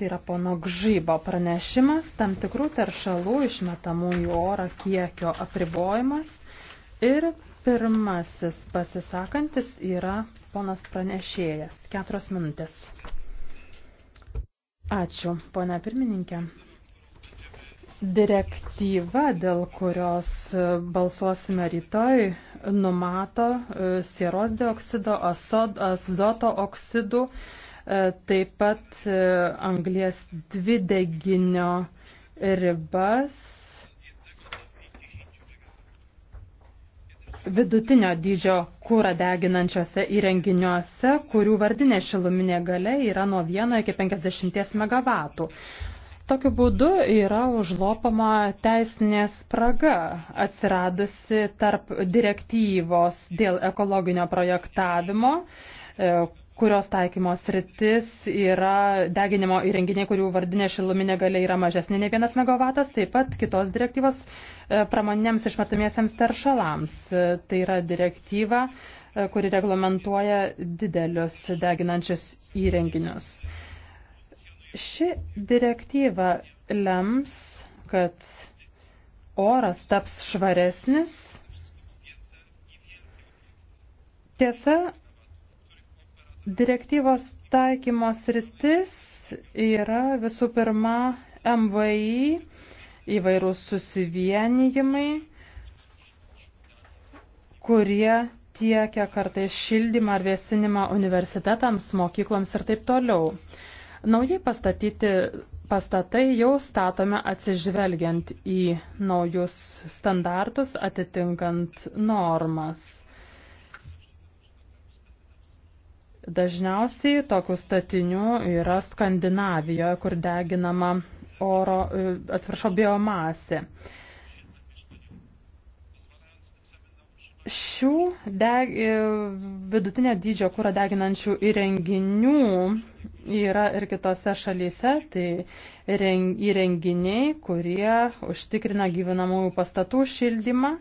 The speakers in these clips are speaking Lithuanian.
tai yra pono Gžybo pranešimas, tam tikrų teršalų išmetamų į orą kiekio apribojimas. Ir pirmasis pasisakantis yra ponas pranešėjas. Keturios minutės. Ačiū, ponia pirmininkė. Direktyva, dėl kurios balsuosime rytoj, numato e, sieros dioksido, azoto oksidų, E, taip pat e, anglės dvideginio ribas, vidutinio dydžio kūrą deginančiose įrenginiuose, kurių vardinė šiluminė galia yra nuo 1 iki 50 MW. Tokiu būdu yra užlopama teisinė spraga atsiradusi tarp direktyvos dėl ekologinio projektavimo, e, kurios taikymos rytis yra deginimo įrenginiai, kurių vardinė šiluminė galia yra mažesnė nei vienas megavatas, taip pat kitos direktyvos e, pramoniniams išmetamiesiams teršalams. E, tai yra direktyva, e, kuri reglamentuoja didelius deginančius įrenginius. Ši direktyva lems, kad oras taps švaresnis. Tiesa, Direktyvos taikymos rytis yra visų pirma MVI įvairūs susivienijimai, kurie tiekia kartais šildymą ar vėsinimą universitetams, mokykloms ir taip toliau. Naujai pastatyti pastatai jau statome atsižvelgiant į naujus standartus, atitinkant normas. Dažniausiai tokių statinių yra Skandinavijoje, kur deginama oro, e, atsiprašau, biomasė. Šių deg, e, vidutinio dydžio kūro deginančių įrenginių yra ir kitose šalyse, tai įrenginiai, kurie užtikrina gyvenamųjų pastatų šildymą.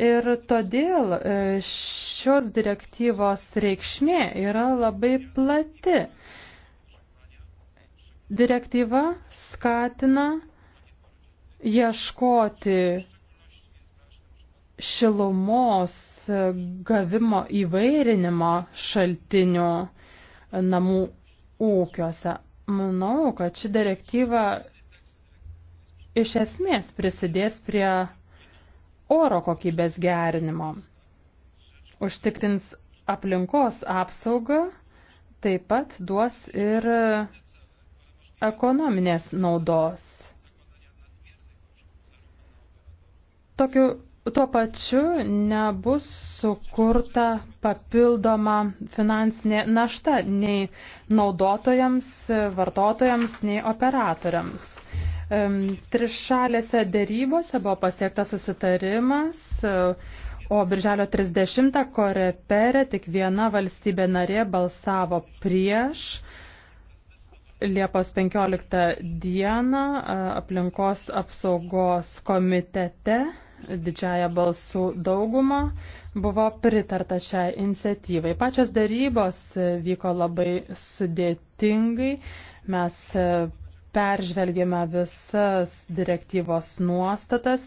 Ir todėl e, šios direktyvos reikšmė yra labai plati. Direktyva skatina ieškoti šilumos gavimo įvairinimo šaltinių namų ūkiuose. Manau, kad ši direktyva iš esmės prisidės prie oro kokybės gerinimo, užtikrins aplinkos apsaugą, taip pat duos ir ekonominės naudos. Tokiu, tuo pačiu nebus sukurta papildoma finansinė našta nei naudotojams, vartotojams, nei operatoriams. Trišalėse dėrybose buvo pasiektas susitarimas, o birželio 30 korepere tik viena valstybė narė balsavo prieš. Liepos 15 dieną e, aplinkos apsaugos komitete didžiaja balsų dauguma buvo pritarta šiai iniciatyvai. Pačios darybos vyko labai sudėtingai. Mes e, peržvelgėme visas direktyvos nuostatas,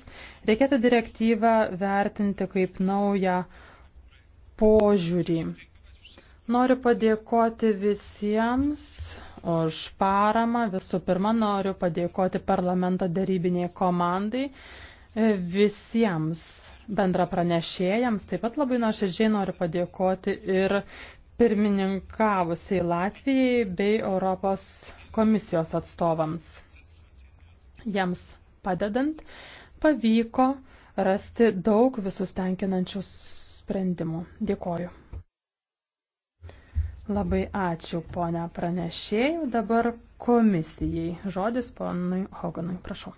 reikėtų direktyvą vertinti kaip naują požiūrį. Noriu padėkoti visiems už paramą. Visų pirma, noriu padėkoti parlamento darybiniai komandai, visiems bendra pranešėjams. Taip pat labai nuoširdžiai noriu padėkoti ir pirmininkavusiai Latvijai bei Europos komisijos atstovams. Jiems padedant pavyko rasti daug visus tenkinančių sprendimų. Dėkoju. Labai ačiū, ponia pranešėjų. Dabar komisijai. Žodis ponui Hoganui, prašau.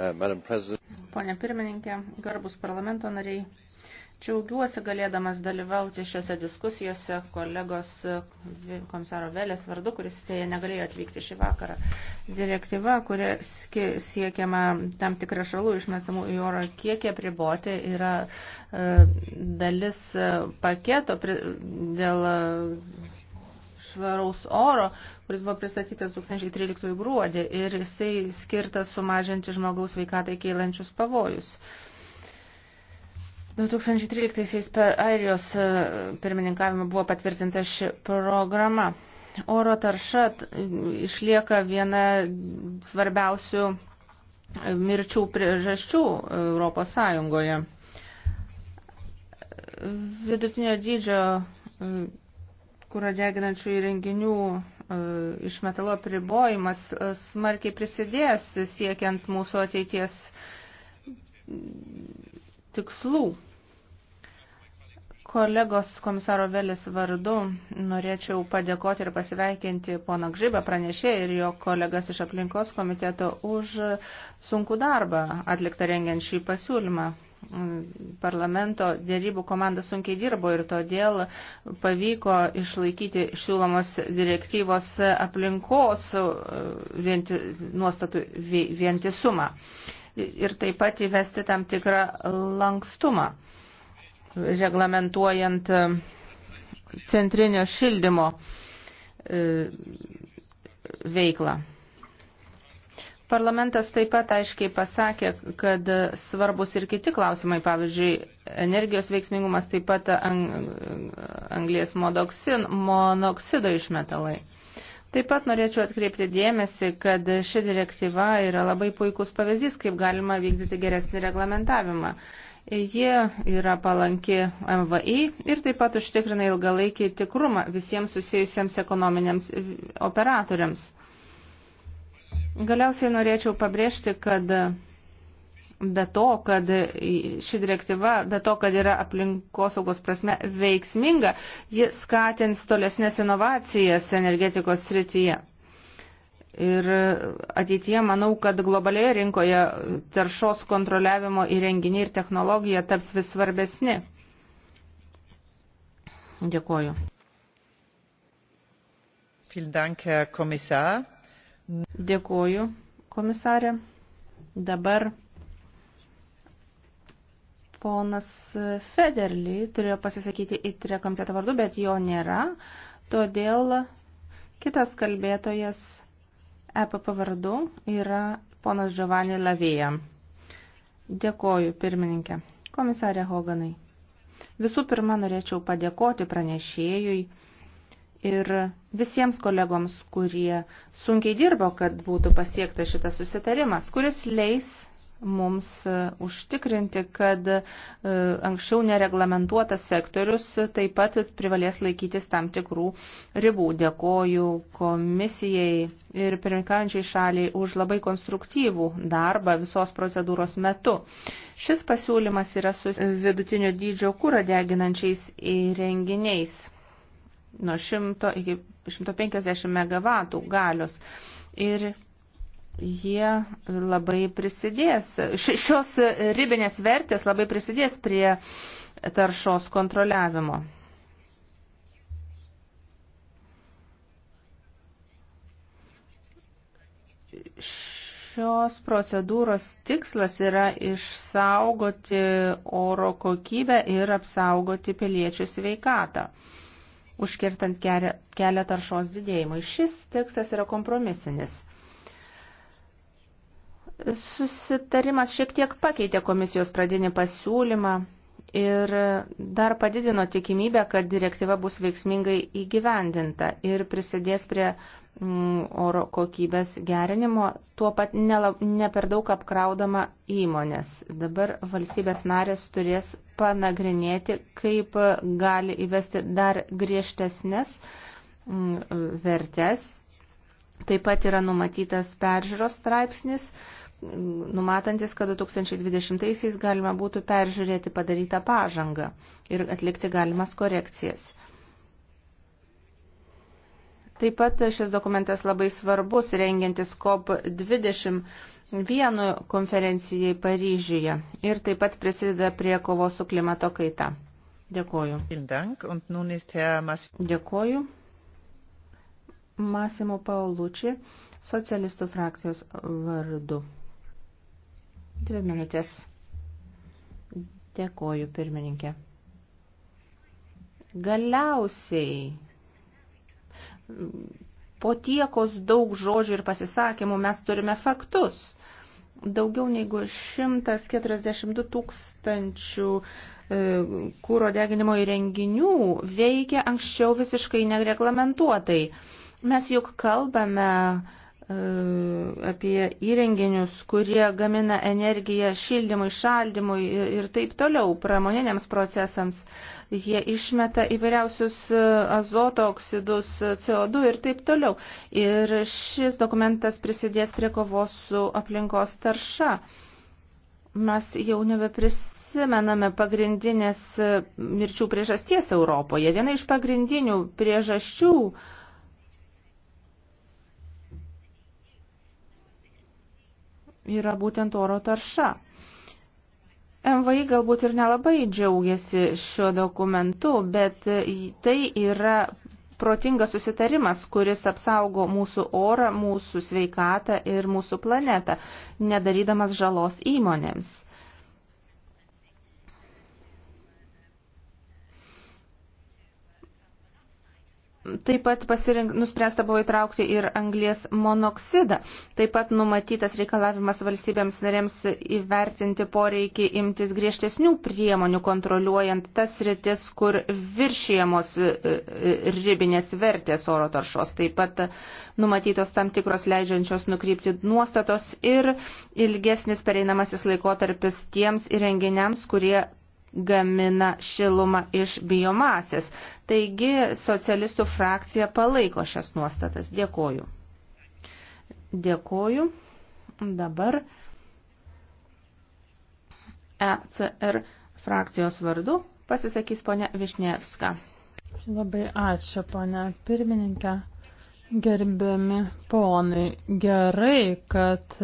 Uh, Pone pirmininkė, garbus parlamento nariai, Džiaugiuosi galėdamas dalyvauti šiuose diskusijose kolegos e, komisaro Vėlės vardu, kuris dėja negalėjo atvykti šį vakarą. Direktyva, kuria siekiama tam tikrą šalų išmestamų į oro kiekį apriboti, yra e, dalis e, paketo pri, dėl e, švaraus oro, kuris buvo pristatytas 2013 gruodį ir jisai skirtas sumažinti žmogaus veikatai keilančius pavojus. E, 2013 per Airijos e, pirmininkavimą buvo patvirtinta ši programa. Oro tarša išlieka viena svarbiausių e, mirčių priežasčių Europos Sąjungoje. Vidutinio dydžio e, kūro deginančių įrenginių iš metalo pribojimas smarkiai prisidės siekiant mūsų ateities tikslų. Kolegos komisaro Velis vardu norėčiau padėkoti ir pasiveikinti poną Gžybę pranešė ir jo kolegas iš aplinkos komiteto už sunkų darbą atliktą rengiant šį pasiūlymą. Parlamento dėrybų komanda sunkiai dirbo ir todėl pavyko išlaikyti siūlomos direktyvos aplinkos vienti, nuostatų vientisumą ir taip pat įvesti tam tikrą lankstumą reglamentuojant e, centrinio šildymo e, veiklą. Parlamentas taip pat aiškiai pasakė, kad svarbus ir kiti klausimai, pavyzdžiui, energijos veiksmingumas, taip pat anglės monoksido išmetalai. Taip pat norėčiau atkreipti dėmesį, kad ši direktyva yra labai puikus pavyzdys, kaip galima vykdyti geresnį reglamentavimą. Jie yra palanki MVI ir taip pat užtikrina ilgalaikį tikrumą visiems susijusiems ekonominiams operatoriams. Galiausiai norėčiau pabrėžti, kad be to, kad ši direktyva, be to, kad yra aplinkosaugos prasme veiksminga, ji skatins tolesnės inovacijas energetikos srityje. Ir ateityje manau, kad globalioje rinkoje taršos kontroliavimo įrenginiai ir technologija taps vis svarbesni. Dėkuoju. Dėkuoju, komisarė. Dabar ponas Federly turėjo pasisakyti į komiteto vardu, bet jo nėra. Todėl kitas kalbėtojas EPP vardu yra ponas Giovanni Lavėja. Dėkoju, pirmininkė. Komisarė Hoganai. Visų pirma, norėčiau padėkoti pranešėjui ir visiems kolegoms, kurie sunkiai dirbo, kad būtų pasiektas šitas susitarimas, kuris leis mums e, užtikrinti, kad e, anksčiau nereglamentuotas sektorius taip pat privalės laikytis tam tikrų ribų. Dėkoju komisijai ir pirmininkančiai šaliai už labai konstruktyvų darbą visos procedūros metu. Šis pasiūlymas yra su vidutinio dydžio kūro deginančiais įrenginiais nuo 100 iki 150 MW galios ir jie labai prisidės, šios ribinės vertės labai prisidės prie taršos kontroliavimo. Šios procedūros tikslas yra išsaugoti oro kokybę ir apsaugoti piliečių sveikatą, užkirtant kelią taršos didėjimui. Šis tikslas yra kompromisinis. Susitarimas šiek tiek pakeitė komisijos pradinį pasiūlymą ir dar padidino tikimybę, kad direktyva bus veiksmingai įgyvendinta ir prisidės prie mm, oro kokybės gerinimo, tuo pat ne, ne per daug apkraudama įmonės. Dabar valstybės narės turės panagrinėti, kaip gali įvesti dar griežtesnės mm, vertės Taip pat yra numatytas peržiūros straipsnis, numatantis, kad 2020-aisiais galima būtų peržiūrėti padarytą pažangą ir atlikti galimas korekcijas. Taip pat šis dokumentas labai svarbus rengiantis COP20 vienu konferencijai Paryžiuje ir taip pat prisideda prie kovos su klimato kaita. Dėkoju. Dėkoju. Masimo Pauluči, socialistų frakcijos vardu. Dvi minutės. Dėkoju, pirmininkė. Galiausiai po tiekos daug žodžių ir pasisakymų mes turime faktus. Daugiau negu 142 tūkstančių e, kūro deginimo įrenginių veikia anksčiau visiškai nereglamentuotai. Mes juk kalbame e, apie įrenginius, kurie gamina energiją šildymui, šaldymui ir taip toliau, pramoniniams procesams. Jie išmeta įvairiausius e, azoto oksidus, e, CO2 ir taip toliau. Ir šis dokumentas prisidės prie kovos su aplinkos tarša. Mes jau nebeprisimename pagrindinės mirčių priežasties Europoje. Viena iš pagrindinių priežasčių uh, yra būtent oro tarša. MVI galbūt ir nelabai džiaugiasi šiuo dokumentu, bet tai yra protingas susitarimas, kuris apsaugo mūsų orą, mūsų sveikatą ir mūsų planetą, nedarydamas žalos įmonėms. Taip pat pasirink, nuspręsta buvo įtraukti ir anglės monoksidą. Taip pat numatytas reikalavimas valstybėms narėms įvertinti poreikį imtis griežtesnių priemonių kontroliuojant tas rytis, kur viršijamos e, e, ribinės vertės oro taršos. Taip pat numatytos tam tikros leidžiančios nukrypti nuostatos ir ilgesnis pereinamasis laikotarpis tiems įrenginiams, kurie gamina šilumą iš biomasės. Taigi socialistų frakcija palaiko šias nuostatas. Dėkoju. Dėkoju. Dabar ECR frakcijos vardu pasisakys ponia Višnievska. Labai ačiū, ponia pirmininkė. Gerbiami ponai, gerai, kad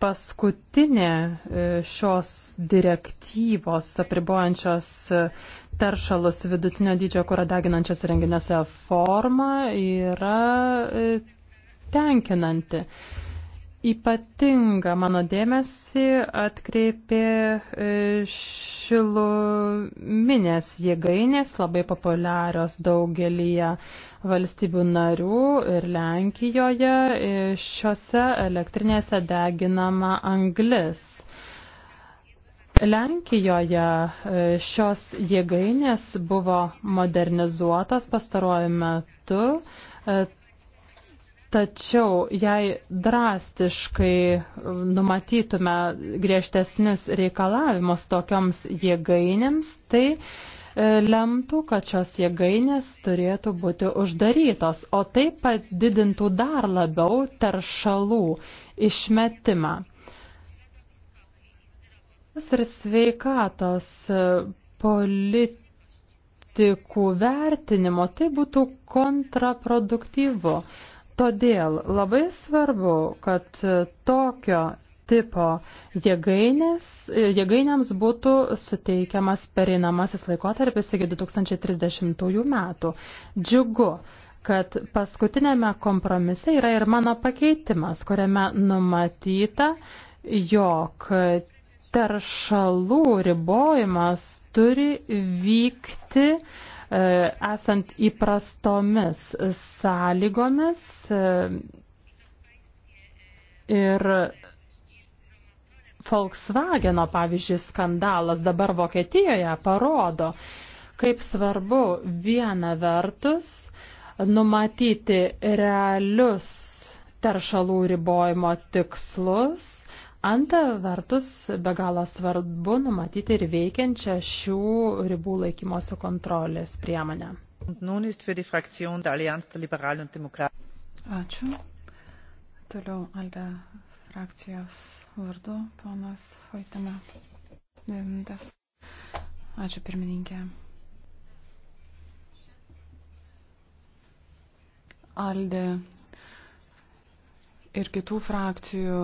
paskutinė e, šios direktyvos apribojančios e, teršalus vidutinio dydžio kurą deginančias renginiuose forma yra e, tenkinanti. Ypatinga mano dėmesį atkreipė e, šiluminės jėgainės, labai populiarios daugelyje valstybių narių ir Lenkijoje. E, šiuose elektrinėse deginama anglis. Lenkijoje e, šios jėgainės buvo modernizuotas pastaruoju metu Tačiau jei drastiškai e, numatytume griežtesnius reikalavimus tokioms jėgainėms, tai e, lemtų, kad šios jėgainės turėtų būti uždarytos, o tai padidintų dar labiau teršalų išmetimą. Ir sveikatos e, politikų vertinimo tai būtų kontraproduktyvu. Todėl labai svarbu, kad tokio tipo jėgainės, jėgainėms būtų suteikiamas pereinamasis laikotarpis iki 2030 metų. Džiugu, kad paskutinėme kompromise yra ir mano pakeitimas, kuriame numatyta, jog teršalų ribojimas turi vykti E, esant įprastomis sąlygomis e, ir Volkswageno, pavyzdžiui, skandalas dabar Vokietijoje parodo, kaip svarbu viena vertus numatyti realius teršalų ribojimo tikslus Antra vertus, be galo svarbu numatyti ir veikiančią šių ribų laikymosi kontrolės priemonę. Ačiū. Toliau Alde frakcijos vardu, ponas Vaitame. Devintas. Ačiū pirmininkė. Alde ir kitų frakcijų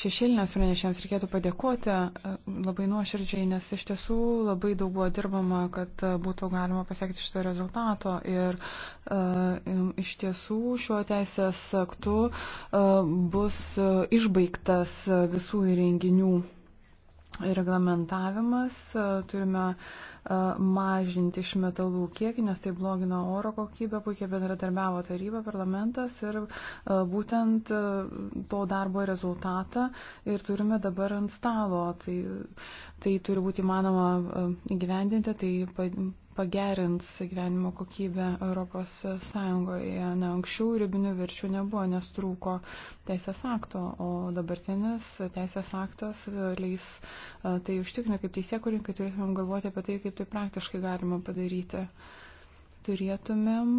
šešėlinės pranešėjams reikėtų padėkoti e, labai nuoširdžiai, nes iš tiesų labai daug buvo dirbama, kad e, būtų galima pasiekti šito rezultato. Ir e, iš tiesų šiuo teisės aktu bus išbaigtas visų įrenginių reglamentavimas, e, turime e, mažinti iš metalų kiekį, nes tai blogina oro kokybę, puikiai bendradarbiavo taryba, parlamentas ir e, būtent to darbo rezultatą ir turime dabar ant stalo. Tai, tai turi būti įmanoma įgyvendinti, tai pagerins gyvenimo kokybę Europos Sąjungoje. Na, anksčiau ribinių verčių nebuvo, nes trūko teisės akto, o dabartinis teisės aktas leis tai užtikrinti kaip teisėkurinkai, turėtumėm galvoti apie tai, kaip tai praktiškai galima padaryti. Turėtumėm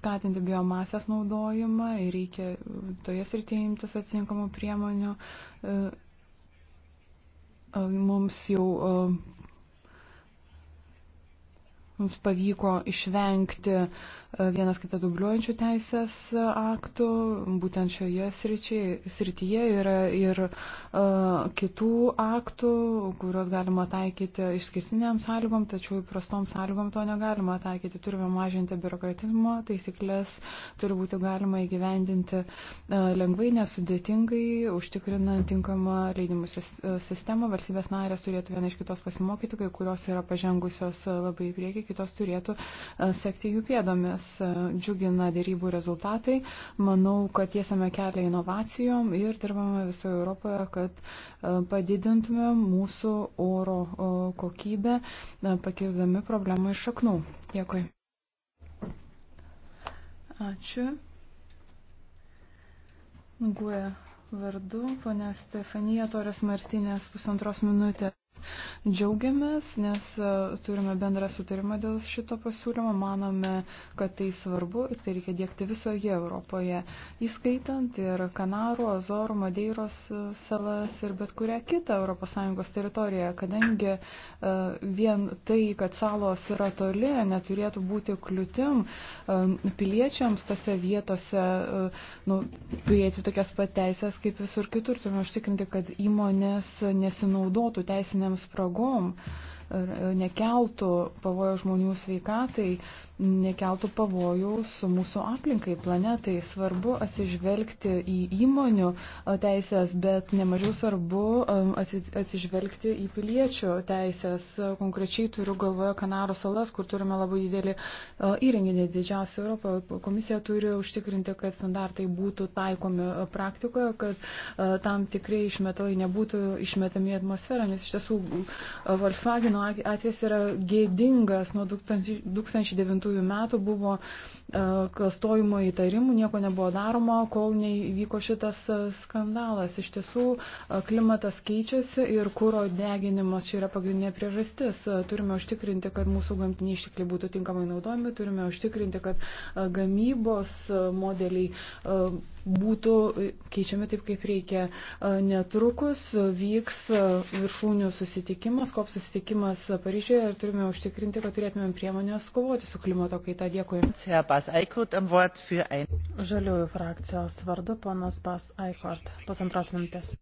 skatinti biomasės naudojimą ir reikia toje srityje imtis atitinkamų priemonių e, mums jau mums pavyko išvengti uh, E, vienas kitą dubliuojančių teisės aktų, būtent šioje sričiai, srityje yra ir uh, kitų aktų, kuriuos galima taikyti išskirtiniam sąlygom, tačiau įprastom sąlygom to negalima taikyti. Turime mažinti biurokratizmo, taisyklės turi būti galima įgyvendinti uh, lengvai, nesudėtingai, užtikrinant tinkamą leidimų sistemą. Valstybės narės turėtų viena iš kitos pasimokyti, kai kurios yra pažengusios labai į priekį, kitos turėtų uh, sekti jų pėdomis mus e, džiugina dėrybų rezultatai. Manau, kad tiesiame kelią inovacijom ir dirbame visoje Europoje, kad e, padidintume mūsų oro e, kokybę, pakirdami problemą iš šaknų. Dėkui. Ačiū. Guoja vardu, ponia Stefanija Torės Martinės, pusantros minutės. Džiaugiamės, nes e, turime bendrą sutarimą dėl šito pasiūlymo, manome, kad tai svarbu ir tai reikia dėkti visoje Europoje, įskaitant ir Kanarų, Azorų, Madeiros e, salas ir bet kurią kitą ES teritoriją, kadangi e, vien tai, kad salos yra toli, neturėtų būti kliūtim piliečiams tose vietose nu, turėti tokias pat teisės kaip visur kitur, turime užtikrinti, kad įmonės nesinaudotų teisinėm tokiom spragom, E, nekeltų pavojų žmonių sveikatai, nekeltų pavojų su mūsų aplinkai, planetai. Svarbu atsižvelgti į įmonių e, teisės, bet nemažiau svarbu e, atsižvelgti į piliečių teisės. Konkrečiai turiu galvoje Kanaro salas, kur turime labai didelį įrenginį didžiausią Europą. Komisija turi užtikrinti, kad standartai būtų taikomi praktikoje, kad tam tikrai išmetalai nebūtų išmetami į atmosferą, nes iš tiesų Volkswagen Benjamino atvejs yra gėdingas. Nuo 2009 metų buvo e, klastojimo įtarimų, nieko nebuvo daroma, kol neįvyko šitas e, skandalas. Iš tiesų, e, klimatas keičiasi ir kūro deginimas čia yra pagrindinė priežastis. Turime užtikrinti, kad mūsų gamtiniai ištekliai būtų tinkamai naudojami, turime užtikrinti, kad gamybos modeliai būtų keičiami taip, kaip reikia. Netrukus vyks viršūnių susitikimas, kop susitikimas Paryžioje ir turime užtikrinti, kad turėtumėm priemonės kovoti su klimato kaita. Dėkui. Žaliųjų frakcijos vardu ponas Bas Aikort. Pasantros minutės.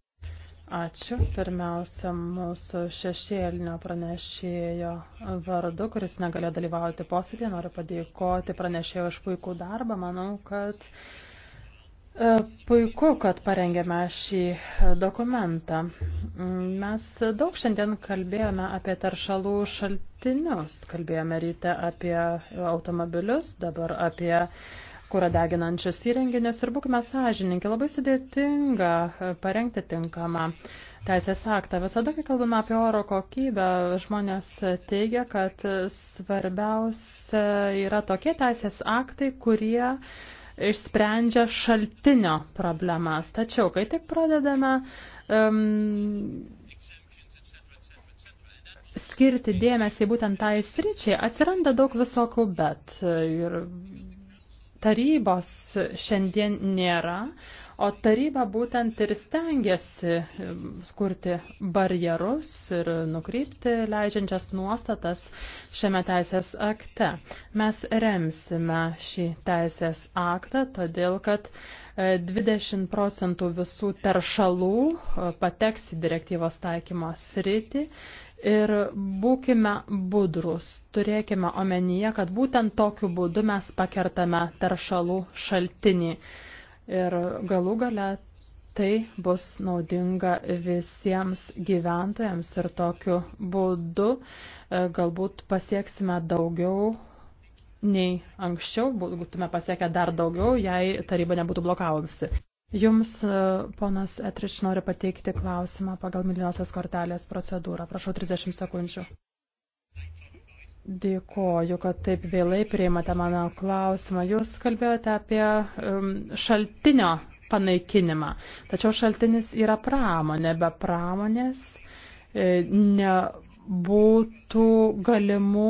Ačiū. Pirmiausia, mūsų šešėlinio pranešėjo vardu, kuris negalėjo dalyvauti posėdėje. Noriu padėkoti pranešėjo už puikų darbą. Manau, kad uh, E, puiku, kad parengėme šį dokumentą. Mes daug šiandien kalbėjome apie taršalų šaltinius. Kalbėjome ryte apie automobilius, dabar apie kurą deginančius įrenginius ir būkime sąžininkai. Labai sudėtinga parengti tinkamą teisės aktą. Visada, kai kalbame apie oro kokybę, žmonės teigia, kad svarbiausia yra tokie teisės aktai, kurie išsprendžia šaltinio problemas. Tačiau, kai tik pradedame um, skirti dėmesį būtent tai sričiai, atsiranda daug visokių bet. Ir tarybos šiandien nėra. O taryba būtent ir stengiasi skurti barjerus ir nukreipti leidžiančias nuostatas šiame teisės akte. Mes remsime šį teisės aktą, todėl kad 20 e, procentų visų teršalų e, pateks į direktyvos taikymo sritį Ir būkime budrus, turėkime omenyje, kad būtent tokiu būdu mes pakertame taršalų šaltinį ir galų gale tai bus naudinga visiems gyventojams ir tokiu būdu e, galbūt pasieksime daugiau nei anksčiau, būtume pasiekę dar daugiau, jei taryba nebūtų blokavusi. Jums, e, ponas Etrič, nori pateikti klausimą pagal milijonosios kortelės procedūrą. Prašau 30 sekundžių. Dėkoju, kad taip vėlai priimate mano klausimą. Jūs kalbėjote apie um, šaltinio panaikinimą. Tačiau šaltinis yra pramonė. Be pramonės e, nebūtų galimų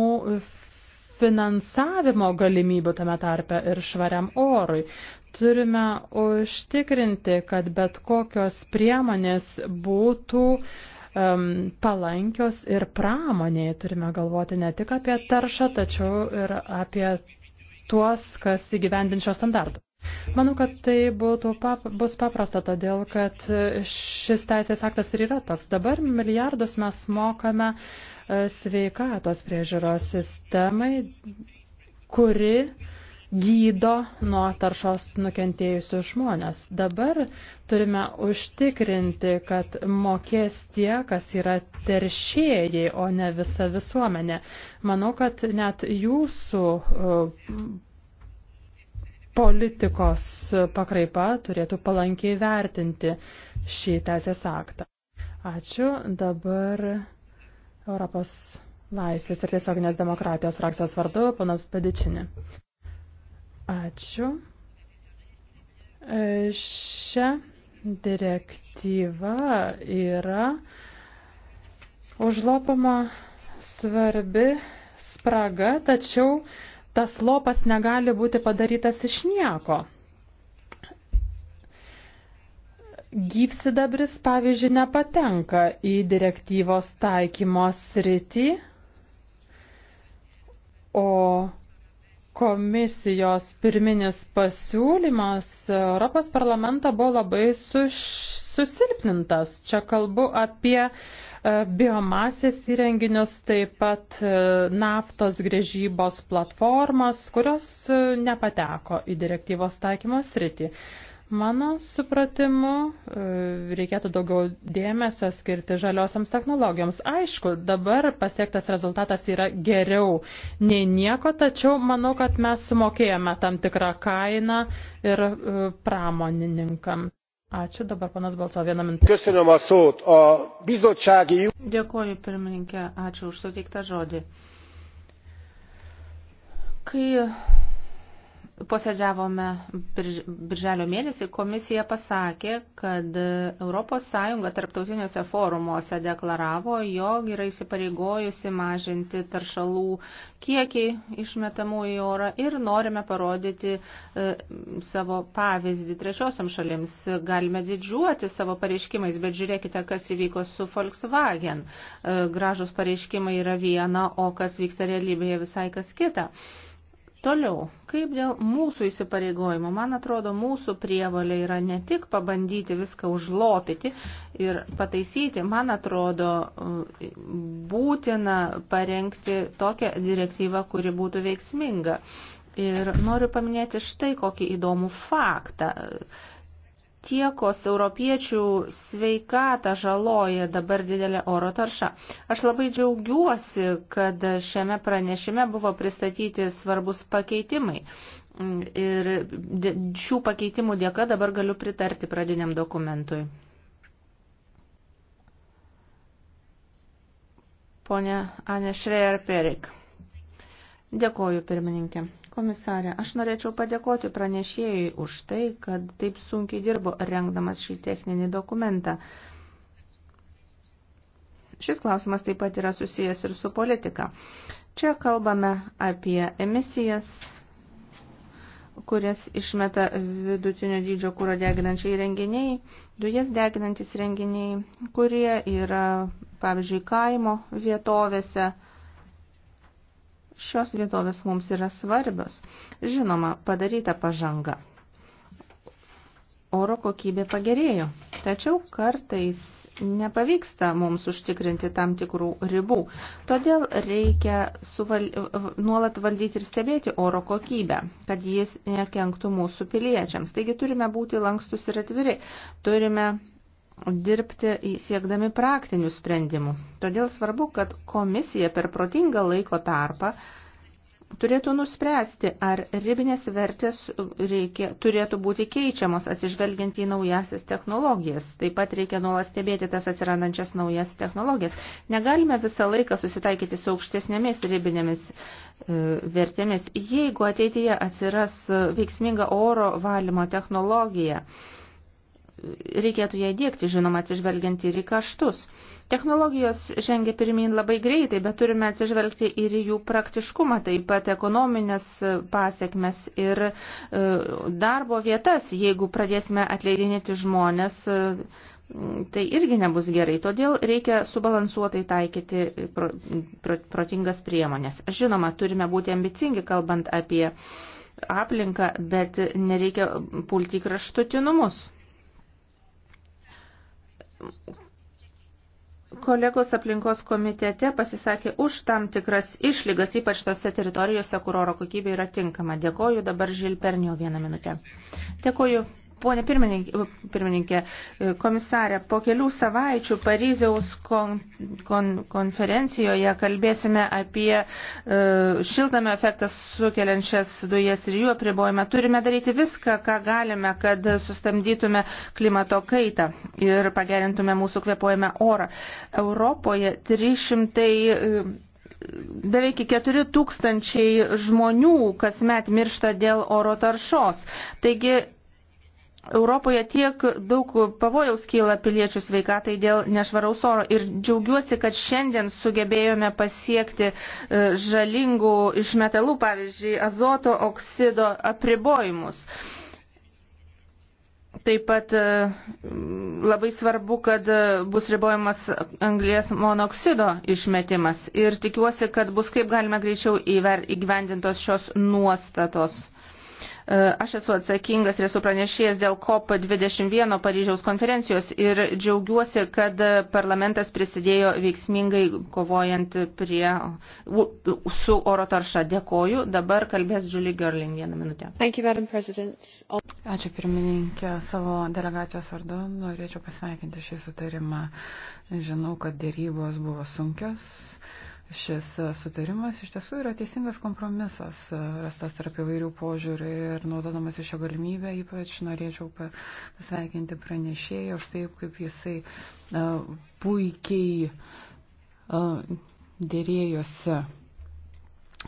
finansavimo galimybių tame tarpe ir švariam orui. Turime užtikrinti, kad bet kokios priemonės būtų uh, um, palankios ir pramonėje. Turime galvoti ne tik apie taršą, tačiau ir apie tuos, kas įgyvendinčio standartų. Manau, kad tai būtų, pap, bus paprasta, todėl kad šis teisės aktas ir yra toks. Dabar milijardus mes mokame e, sveikatos priežiūros sistemai, kuri uh, gydo nuo taršos nukentėjusius žmonės. Dabar turime užtikrinti, kad mokės tie, kas yra teršėjai, o ne visa visuomenė. Manau, kad net jūsų uh, politikos pakraipa turėtų palankiai vertinti šį teisės aktą. Ačiū. Dabar Europos laisvės ir tiesioginės demokratijos frakcijos vardu, panas Padičinė. Ačiū. E, Šią direktyvą yra užlopama svarbi spraga, tačiau tas lopas negali būti padarytas iš nieko. Gyvsidabris, pavyzdžiui, nepatenka į direktyvos taikymos sritį, o komisijos pirminis pasiūlymas Europos parlamentą buvo labai suš, susilpnintas. Čia kalbu apie e, biomasės įrenginius, taip pat e, naftos grėžybos platformas, kurios e, nepateko į direktyvos taikymos rytį. Mano supratimu, e, reikėtų daugiau dėmesio skirti žaliosiams technologijoms. Aišku, dabar pasiektas rezultatas yra geriau nei nieko, tačiau manau, kad mes sumokėjome tam tikrą kainą ir e, pramonininkams. Ačiū dabar, panas Balco, vieną mintį. Köszönöm a szót. A bizottsági... Dėkoju, pirmininkė, ačiū už suteiktą žodį. Kai posėdžiavome birželio mėnesį, komisija pasakė, kad ES tarptautiniuose forumuose deklaravo, jog yra įsipareigojusi mažinti taršalų kiekį išmetamų į orą ir norime parodyti e, savo pavyzdį trečiosiam šalims. Galime didžiuoti savo pareiškimais, bet žiūrėkite, kas įvyko su Volkswagen. E, Gražus pareiškimai yra viena, o kas vyksta realybėje visai kas kita. Toliau, kaip dėl mūsų įsipareigojimų, man atrodo, mūsų prievalė yra ne tik pabandyti viską užlopyti ir pataisyti, man atrodo, būtina parengti tokią direktyvą, kuri būtų veiksminga. Ir noriu paminėti štai kokį įdomų faktą tiekos europiečių sveikatą žaloja dabar didelė oro tarša. Aš labai džiaugiuosi, kad šiame pranešime buvo pristatyti svarbus pakeitimai. Ir šių pakeitimų dėka dabar galiu pritarti pradiniam dokumentui. Pone Anešrėjer Perik. Dėkoju, pirmininkė komisarė, aš norėčiau padėkoti pranešėjai už tai, kad taip sunkiai dirbo rengdamas šį techninį dokumentą. Šis klausimas taip pat yra susijęs ir su politika. Čia kalbame apie emisijas, kurias išmeta vidutinio dydžio kūro deginančiai renginiai, dujas deginantis renginiai, kurie yra, pavyzdžiui, kaimo vietovėse Šios vietovės mums yra svarbios. Žinoma, padaryta pažanga. Oro kokybė pagerėjo, tačiau kartais nepavyksta mums užtikrinti tam tikrų ribų. Todėl reikia suval... nuolat valdyti ir stebėti oro kokybę, kad jis nekenktų mūsų piliečiams. Taigi turime būti lankstus ir atviri. Turime dirbti siekdami praktinių sprendimų. Todėl svarbu, kad komisija per protingą laiko tarpą turėtų nuspręsti, ar ribinės vertės reikia, turėtų būti keičiamos atsižvelgiant į naujasias technologijas. Taip pat reikia nuolat stebėti tas atsirandančias naujas technologijas. Negalime visą laiką susitaikyti su aukštesnėmis ribinėmis e, vertėmis. Jeigu ateityje atsiras veiksminga oro valymo technologija, e, reikėtų ją dėkti, žinoma, atsižvelgiant ir į kaštus. Technologijos žengia pirmin labai greitai, bet turime atsižvelgti ir jų praktiškumą, taip pat ekonominės pasiekmes ir e, darbo vietas. Jeigu pradėsime atleidinėti žmonės, e, tai irgi nebus gerai. Todėl reikia subalansuotai taikyti pro, pro, protingas priemonės. Žinoma, turime būti ambicingi, kalbant apie aplinką, bet nereikia pulti kraštutinumus kolegos aplinkos komitete pasisakė už tam tikras išlygas, ypač tose teritorijose, kur oro kokybė yra tinkama. Dėkoju dabar Žilpernio vieną minutę. Dėkoju, Pone pirmininkė, komisarė, po kelių savaičių Paryžiaus kon, kon, konferencijoje kalbėsime apie uh, e, šiltame efektą sukeliančias dujas ir jų apribojimą. Turime daryti viską, ką galime, kad sustamdytume klimato kaitą ir pagerintume mūsų kvepuojame orą. Europoje 300. Uh, e, beveik 4 tūkstančiai žmonių kasmet miršta dėl oro taršos. Taigi Europoje tiek daug pavojaus kyla piliečių sveikatai dėl nešvaraus oro ir džiaugiuosi, kad šiandien sugebėjome pasiekti e, žalingų iš metalų, pavyzdžiui, azoto oksido apribojimus. Taip pat e, labai svarbu, kad e, bus ribojamas anglės monoksido išmetimas ir tikiuosi, kad bus kaip galima greičiau įgyvendintos šios nuostatos. Aš esu atsakingas ir esu pranešėjęs dėl COP21 Paryžiaus konferencijos ir džiaugiuosi, kad parlamentas prisidėjo veiksmingai kovojant prie, su oro tarša. Dėkoju. Dabar kalbės Julie Gerling vieną minutę. You, Ačiū pirmininkė. Savo delegacijos vardu norėčiau pasveikinti šį sutarimą. Žinau, kad dėrybos buvo sunkios Šis e, sutarimas iš tiesų yra teisingas kompromisas, e, rastas tarp įvairių požiūrių ir naudodamas iš jo galimybę ypač norėčiau pasveikinti pranešėją už taip, kaip jisai e, puikiai dėrėjosi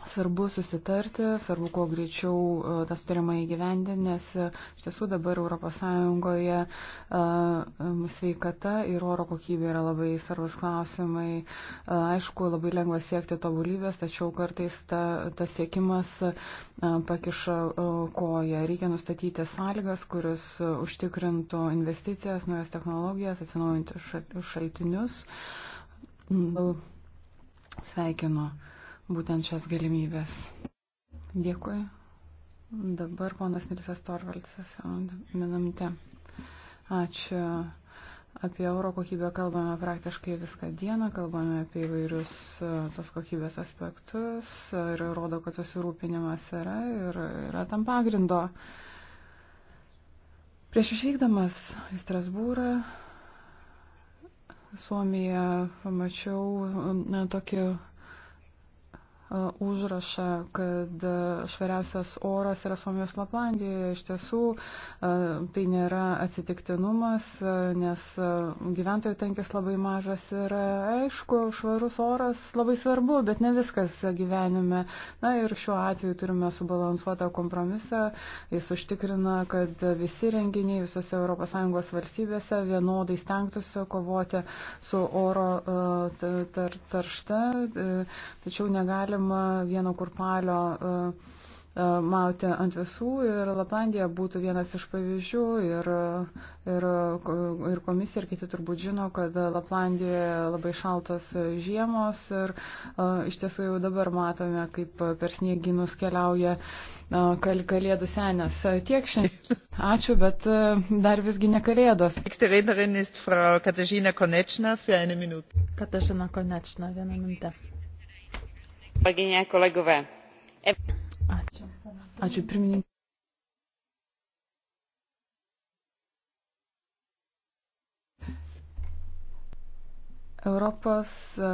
Svarbu susitarti, svarbu kuo greičiau e, tą sutarimą įgyvendinti, nes e, iš tiesų dabar ES e, sveikata ir oro kokybė yra labai svarbus klausimai. Aišku, labai lengva siekti tobulybės, tačiau kartais ta, tas siekimas pakiša koją. Reikia nustatyti sąlygas, kuris užtikrintų investicijas, naujas technologijas, atsinaujinti šaltinius. Sveikinu būtent šias galimybės. Dėkui. Dabar ponas Mirisas Torvaldsas, minamite. Ačiū. Apie euro kokybę kalbame praktiškai viską dieną, kalbame apie įvairius e, tos kokybės aspektus ir rodo, kad susirūpinimas yra ir yra tam pagrindo. Prieš išvykdamas į Strasbūrą Suomiją pamačiau na, tokį užrašą, kad švariausias oras yra Suomijos Laplandijoje. Iš tiesų tai nėra atsitiktinumas, nes gyventojų tenkis labai mažas ir aišku, švarus oras labai svarbu, bet ne viskas gyvenime. Na ir šiuo atveju turime subalansuotą kompromisą. Jis užtikrina, kad visi renginiai visose ES valstybėse vienodai stengtųsi kovoti su oro tar, taršta, e, tačiau negalima galima vieno kurpalio e, e, mauti ant visų ir Laplandija būtų vienas iš pavyzdžių ir, ir, ir komisija ir kiti turbūt žino, kad Laplandijoje labai šaltos žiemos ir e, iš tiesų jau dabar matome, kaip per sniegynus keliauja kal, kalėdų senės. Tiek šiandien. Ačiū, bet dar visgi ne kalėdos. Katarina Konečna, vieną minutę. Ačiū. Ačiū pirmininkai. Europos e, e,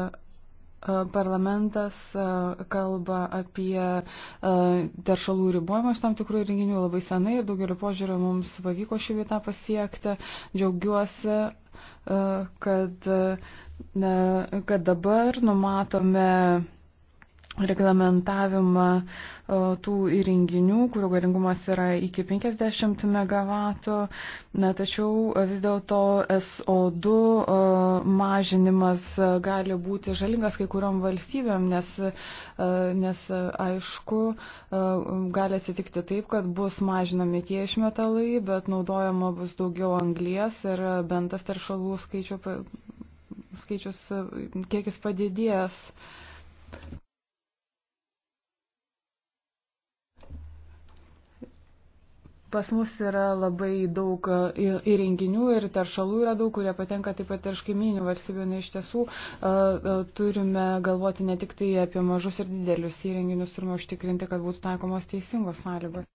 parlamentas e, kalba apie teršalų ribojimą iš tam tikrų įrenginių labai senai ir daugeliu požiūrių mums pavyko šį vietą pasiekti. Džiaugiuosi, kad, kad dabar numatome reglamentavimą tų įrenginių, kurių galingumas yra iki 50 MW, na, tačiau vis dėlto SO2 mažinimas gali būti žalingas kai kuriam valstybėm, nes, e, nes aišku, e, gali atsitikti taip, kad bus mažinami tie išmetalai, bet naudojama bus daugiau anglies ir bentas taršalų skaičių, skaičius, kiekis padidės. Pas mus yra labai daug e, įrenginių ir taršalų yra daug, kurie patenka taip pat ir iš kaiminių valstybių. Na, iš tiesų e, e, turime galvoti ne tik tai apie mažus ir didelius įrenginius, turime užtikrinti, kad būtų taikomos teisingos sąlygos.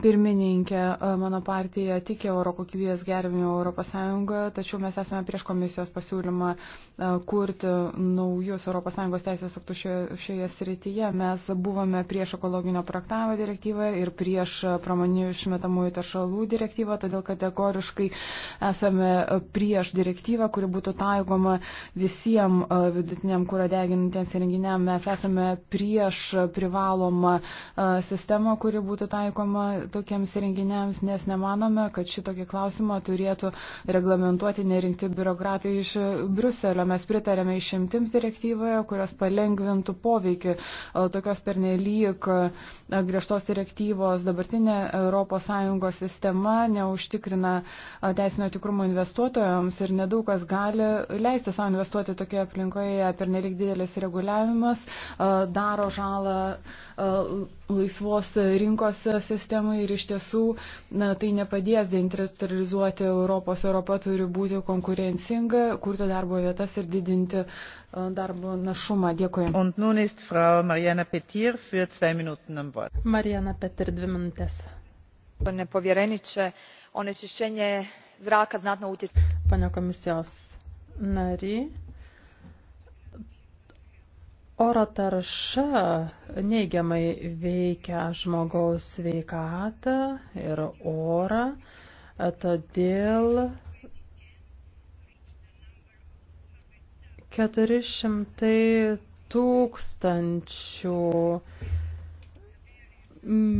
Pirmininkė, e, mano partija tikė oro kokybės gerbimu Europos Sąjungoje, tačiau mes esame prieš komisijos pasiūlymą e, kurti naujus Europos Sąjungos teisės aktus šioje, šioje srityje. Mes buvome prieš ekologinio projektavimo direktyvą ir prieš pramoninių išmetamųjų taršalų direktyvą, todėl kategoriškai esame e, prieš direktyvą, kuri būtų taikoma visiems vidutiniam kūro deginantiems įrenginiam. Mes esame prieš privalomą sistemą, kuri būtų taikoma tokiems renginiams, nes nemanome, kad šitokį klausimą turėtų reglamentuoti nerinkti biurokratai iš Bruselio. Mes pritarėme išimtims direktyvoje, kurios palengvintų poveikį e, tokios pernelyg e, griežtos direktyvos. Dabartinė ES sistema neužtikrina e, teisinio tikrumo investuotojams ir nedaug kas gali leisti savo investuoti tokioje aplinkoje. Pernelyg didelis reguliavimas daro žalą laisvos rinkos sistemai klausimą ir iš tiesų na, tai nepadės deindustrializuoti Europos. Europa turi būti konkurencinga, kurti darbo vietas ir didinti e, darbo našumą. Dėkui. Mariana Petir, Mariana Petir, dvi minutės. Pane povjereniče, onečišćenje zraka znatno utječe. Pane komisijos nariai Oro tarša neigiamai veikia žmogaus sveikatą ir orą, todėl 400 tūkstančių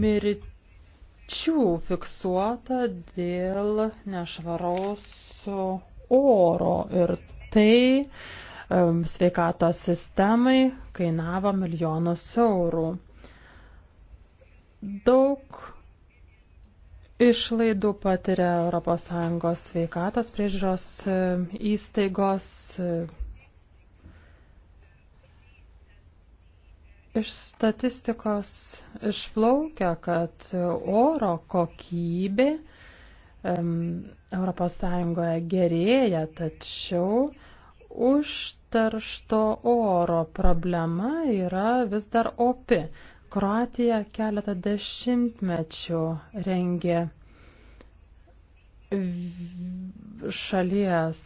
mirčių fiksuota dėl nešvaraus oro ir tai sveikatos sistemai kainavo milijonus eurų. Daug išlaidų patiria ES sveikatos priežiūros įstaigos. Iš statistikos išplaukia, kad oro kokybė ES gerėja, tačiau užteršto oro problema yra vis dar opi. Kroatija keletą dešimtmečių rengė šalies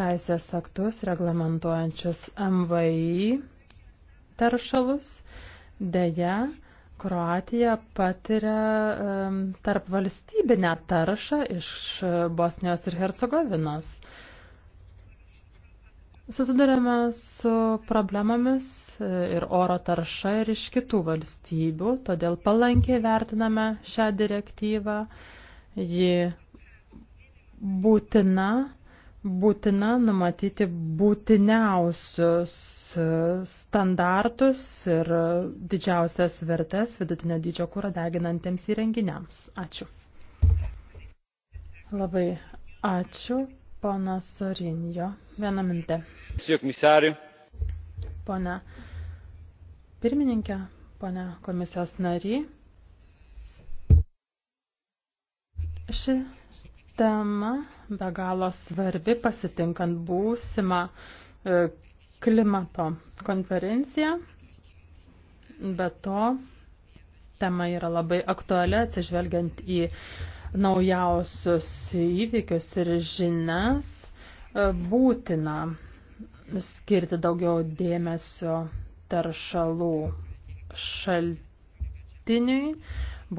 teisės aktus reglamentuojančius MVI teršalus. Deja, Kroatija patiria tarp valstybinę taršą iš Bosnijos ir Hercegovinos. Susidurėme su problemomis e, ir oro tarša ir iš kitų valstybių, todėl palankiai vertiname šią direktyvą. Ji būtina, būtina numatyti būtiniausius e, standartus ir didžiausias vertes vidutinio dydžio kūro deginantiems įrenginiams. Ačiū. Labai ačiū. Pana Sorinjo, vieną mintę. Pone pirmininkė, pone komisijos nary. Ši tema be galo svarbi pasitinkant būsimą e, klimato konferenciją. Be to, tema yra labai aktuali atsižvelgiant į uh, naujausius įvykius ir žinias, e, būtina skirti daugiau dėmesio taršalų šaltiniui,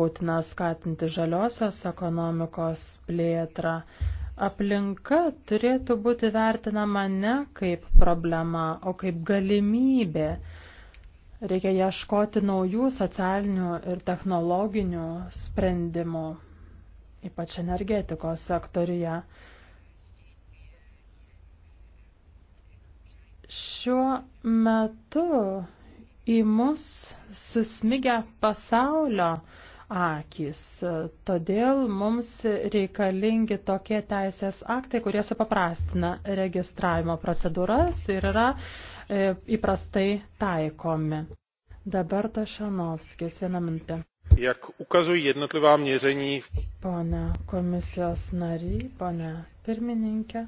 būtina skatinti žaliosios ekonomikos plėtrą. Aplinka turėtų būti vertinama ne kaip problema, o kaip galimybė. Reikia ieškoti naujų socialinių ir technologinių sprendimų ypač energetikos sektoriuje. Šiuo metu į mus susmigia pasaulio akys. Todėl mums reikalingi tokie teisės aktai, kurie supaprastina registravimo procedūras ir yra e, įprastai taikomi. Dabar Tašanovskis, vieną mintį. Jak ukazují jednotlivá měření. Pane komisijos nariai, pane pirmininkė.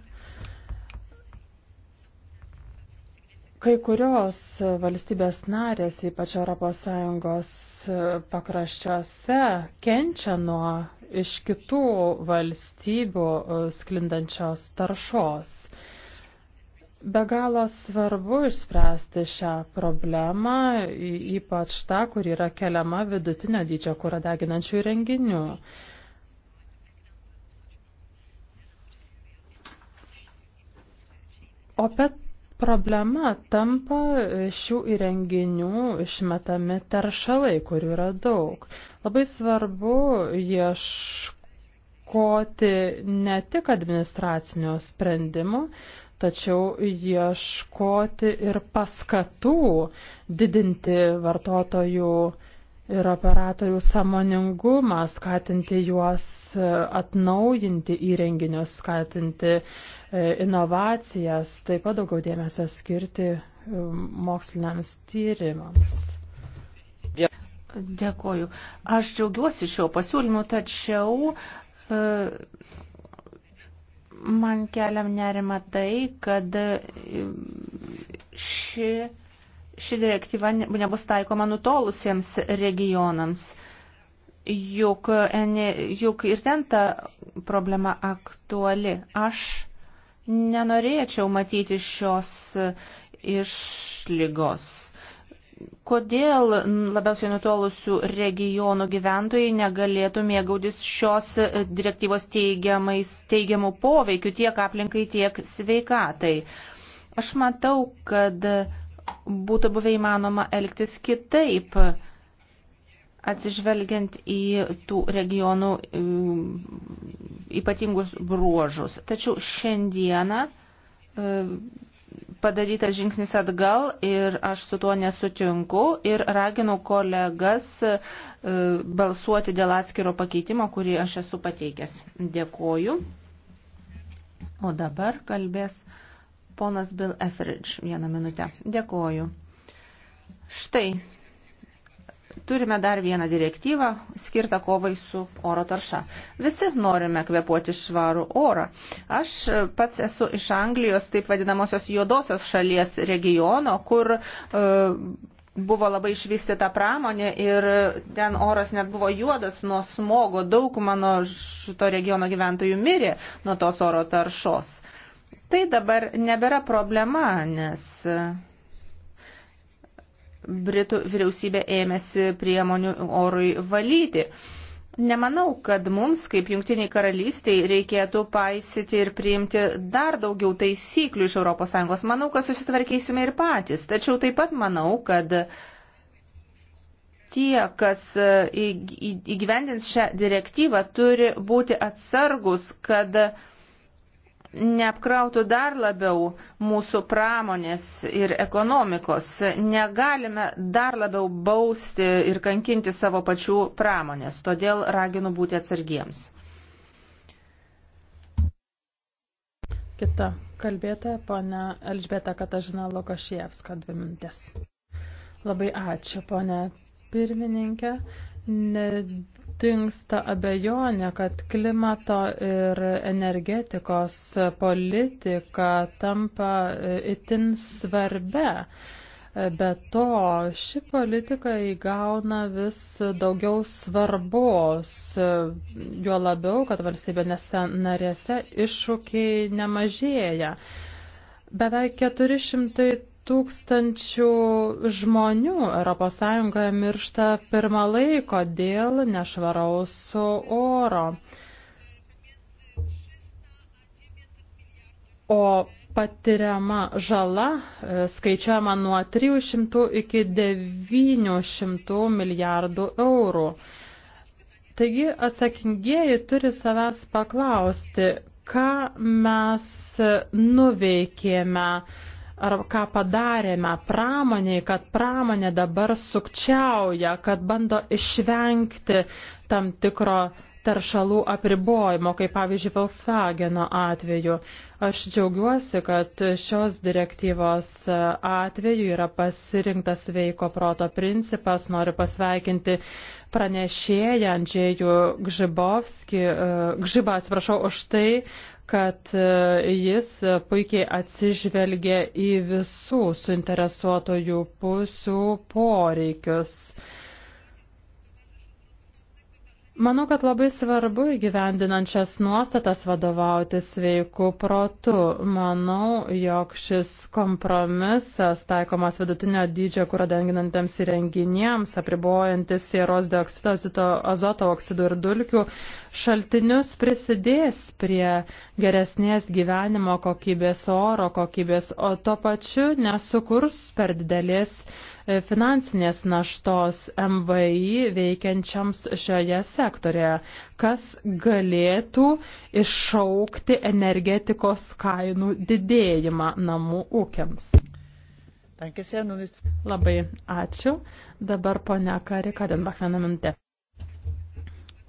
Kai kurios valstybės narės, ypač ES pakraščiuose, kenčia nuo iš kitų valstybių e, sklindančios taršos. Be galo svarbu išspręsti šią problemą, ypač tą, kur yra keliama vidutinio dydžio kūro deginančių įrenginių. Opet problema tampa šių įrenginių išmetami teršalai, kurių yra daug. Labai svarbu ieškoti ne tik administracinio sprendimo, tačiau ieškoti ir paskatų didinti vartotojų ir operatorių samoningumą, skatinti juos atnaujinti įrenginius, skatinti e, inovacijas, taip pat daugiau dėmesio skirti e, moksliniams tyrimams. Dėkoju. Aš džiaugiuosi šio pasiūlymu, tačiau e, Man keliam nerima tai, kad e, ši, ši direktyva nebus taikoma nutolusiems regionams. Juk, e, juk ir ten ta problema aktuali. Aš nenorėčiau matyti šios e, išlygos. Kodėl labiausiai nutolusių regionų gyventojai negalėtų mėgautis šios direktyvos teigiamų poveikių tiek aplinkai, tiek sveikatai? Aš matau, kad būtų buvę įmanoma elgtis kitaip, atsižvelgiant į tų regionų ypatingus bruožus. Tačiau šiandieną padarytas žingsnis atgal ir aš su tuo nesutinku ir raginau kolegas e, balsuoti dėl atskiro pakeitimo, kurį aš esu pateikęs. Dėkoju. O dabar kalbės ponas Bill Etheridge. Vieną minutę. Dėkoju. Štai Turime dar vieną direktyvą skirtą kovai su oro tarša. Visi norime kvepuoti švarų orą. Aš pats esu iš Anglijos, taip vadinamosios juodosios šalies regiono, kur e, buvo labai išvystyta pramonė ir ten oras net buvo juodas nuo smogo, daug mano šito regiono gyventojų mirė nuo tos oro taršos. Tai dabar nebėra problema, nes Britų vyriausybė ėmėsi priemonių orui valyti. Nemanau, kad mums, kaip jungtiniai karalystiai, reikėtų paisyti ir priimti dar daugiau taisyklių iš ES. Manau, kad susitvarkysime ir patys. Tačiau taip pat manau, kad tie, kas e, įgyvendins šią direktyvą, turi būti atsargus, kad neapkrautų dar labiau mūsų pramonės ir ekonomikos. Negalime dar labiau bausti ir kankinti savo pačių pramonės, todėl raginu būti atsargiems. Kita kalbėtoja, ponia Elžbieta Katažina Lokošievska, dvi minutės. Labai ačiū, ponia pirmininkė. Ne dingsta abejonė, kad klimato ir energetikos politika tampa e, itin svarbia. E, be to, ši politika įgauna vis daugiau svarbos, e, juo labiau, kad valstybėse narėse iššūkiai nemažėja. Beveik 400 tūkstančių žmonių ES miršta pirmą laiko dėl nešvaraus oro. O patiriama žala e, skaičiuojama nuo 300 iki 900 milijardų eurų. Taigi atsakingieji turi savęs paklausti, ką mes nuveikėme ar ką padarėme pramoniai, kad pramonė dabar sukčiauja, kad bando išvengti tam tikro taršalų apribojimo, kaip pavyzdžiui Volkswageno atveju. Aš džiaugiuosi, kad šios direktyvos atveju yra pasirinktas veiko proto principas. Noriu pasveikinti pranešėją Andžėjų Gžibovskį, e, Gžibą atsiprašau už tai, kad e, jis puikiai atsižvelgia į visų suinteresuotojų pusių poreikius. Manau, kad labai svarbu įgyvendinant šias nuostatas vadovauti sveiku protu. Manau, jog šis kompromisas taikomas vidutinio dydžio kūro denginantiems įrenginiams, apribojantis sieros dioksido, azoto oksidų ir dulkių šaltinius prisidės prie geresnės gyvenimo kokybės, oro kokybės, o to pačiu nesukurs per didelės e, finansinės naštos MVI veikiančiams šioje sektorėje, kas galėtų iššaukti energetikos kainų didėjimą namų ūkiams. Labai ačiū. Dabar ponia Kari Kadenbach vieną minutę.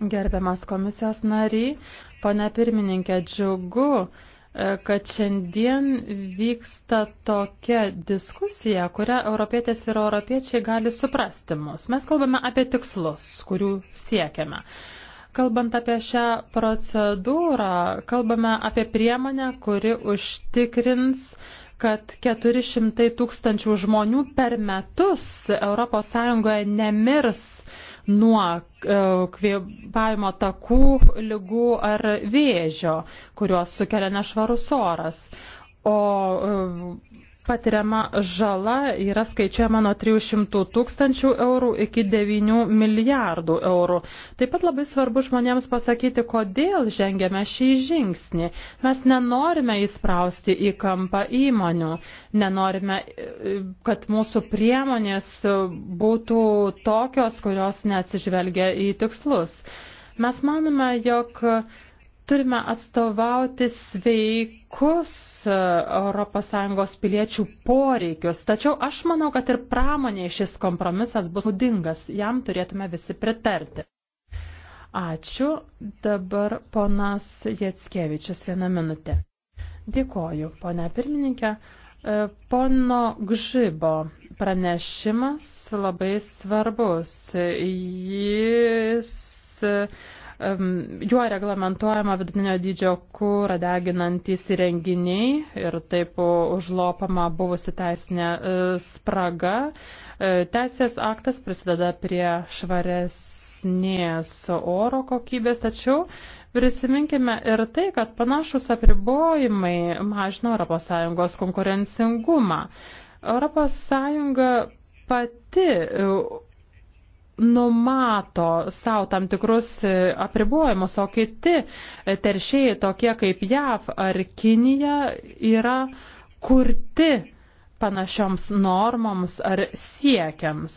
Gerbiamas komisijos nariai, pane pirmininkė, džiugu, e, kad šiandien vyksta tokia diskusija, kurią europietės ir europiečiai gali suprasti mus. Mes kalbame apie tikslus, kurių siekiame. Kalbant apie šią procedūrą, kalbame apie priemonę, kuri užtikrins kad 400 tūkstančių žmonių per metus ES nemirs uh, nuo e, kvėpavimo takų lygų ar vėžio, kuriuos sukelia nešvarus oras. O e, patiriama žala yra skaičiuojama nuo 300 tūkstančių eurų iki 9 milijardų eurų. Taip pat labai svarbu žmonėms pasakyti, kodėl žengėme šį žingsnį. Mes nenorime įsprausti į kampą įmonių, nenorime, kad mūsų priemonės būtų tokios, kurios neatsižvelgia į tikslus. Mes manome, jog Turime atstovauti sveikus ES piliečių poreikius, tačiau aš manau, kad ir pramonėje šis kompromisas bus naudingas, jam turėtume visi pritarti. Ačiū, dabar ponas Jetskevičius vieną minutę. Dėkoju, ponia pirmininkė. E, pono Gžibo pranešimas labai svarbus. Jis Juo reglamentuojama vidutinio dydžio kūrą deginantys įrenginiai ir taip užlopama buvusi teisinė e, spraga. E, teisės aktas prisideda prie švaresnės oro kokybės, tačiau prisiminkime ir tai, kad panašus apribojimai mažino ES konkurencingumą. ES pati numato savo tam tikrus apribojimus, o kiti teršėjai, tokie kaip JAV ar Kinija, yra kurti panašioms normoms ar siekiams.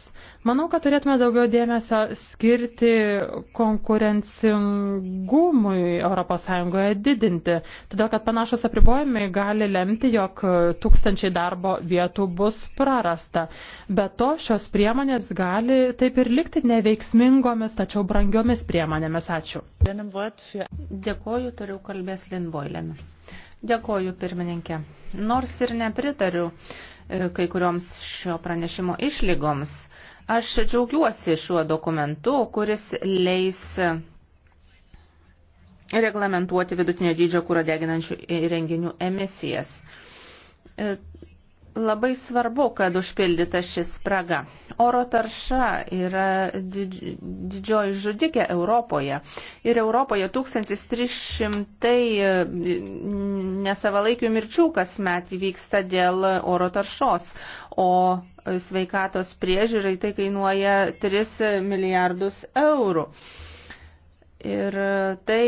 Manau, kad turėtume daugiau dėmesio skirti konkurencingumui ES didinti, todėl kad panašus apribojimai gali lemti, jog tūkstančiai darbo vietų bus prarasta. Be to, šios priemonės gali taip ir likti neveiksmingomis, tačiau brangiomis priemonėmis. Ačiū. Dėkoju, turiu kalbės Linboilen. Dėkoju, pirmininkė. Nors ir nepritariu e, kai kurioms šio pranešimo išlygoms, aš džiaugiuosi šiuo dokumentu, kuris leis reglamentuoti vidutinio dydžio kūro deginančių įrenginių e, emisijas. E, Labai svarbu, kad užpildyta ši spraga. Oro tarša yra didžioji žudikė Europoje. Ir Europoje 1300 e, nesavalaikių mirčių kasmet įvyksta dėl oro taršos, o sveikatos priežiūrai tai kainuoja 3 milijardus eurų. Ir tai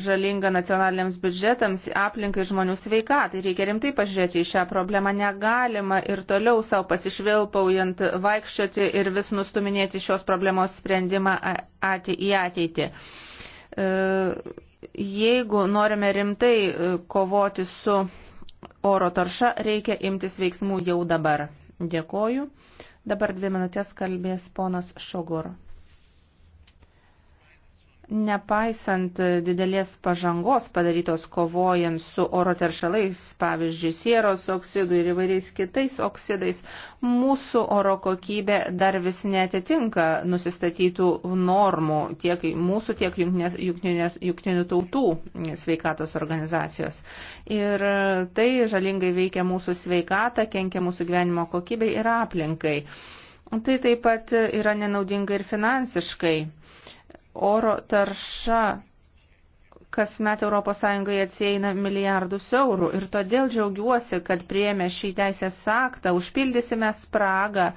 žalinga nacionaliniams biudžetams, aplinkai žmonių sveikatai. Reikia rimtai pažiūrėti į šią problemą. Negalima ir toliau savo pasišvilpaujant vaikščioti ir vis nustuminėti šios problemos sprendimą į ateitį. E, jeigu norime rimtai e, kovoti su oro tarša, reikia imtis veiksmų jau dabar. Dėkoju. Dabar dvi minutės kalbės ponas Šogor. Nepaisant didelės pažangos padarytos kovojant su oro teršalais, pavyzdžiui, sieros oksidų ir įvairiais kitais oksidais, mūsų oro kokybė dar vis netitinka nusistatytų normų tiek mūsų, tiek jungtinių tautų sveikatos organizacijos. Ir tai žalingai veikia mūsų sveikatą, kenkia mūsų gyvenimo kokybei ir aplinkai. Tai taip pat yra nenaudinga ir finansiškai Oro tarša kasmet ES atsieina milijardus eurų ir todėl džiaugiuosi, kad priėmę šį teisės aktą užpildysime spragą e,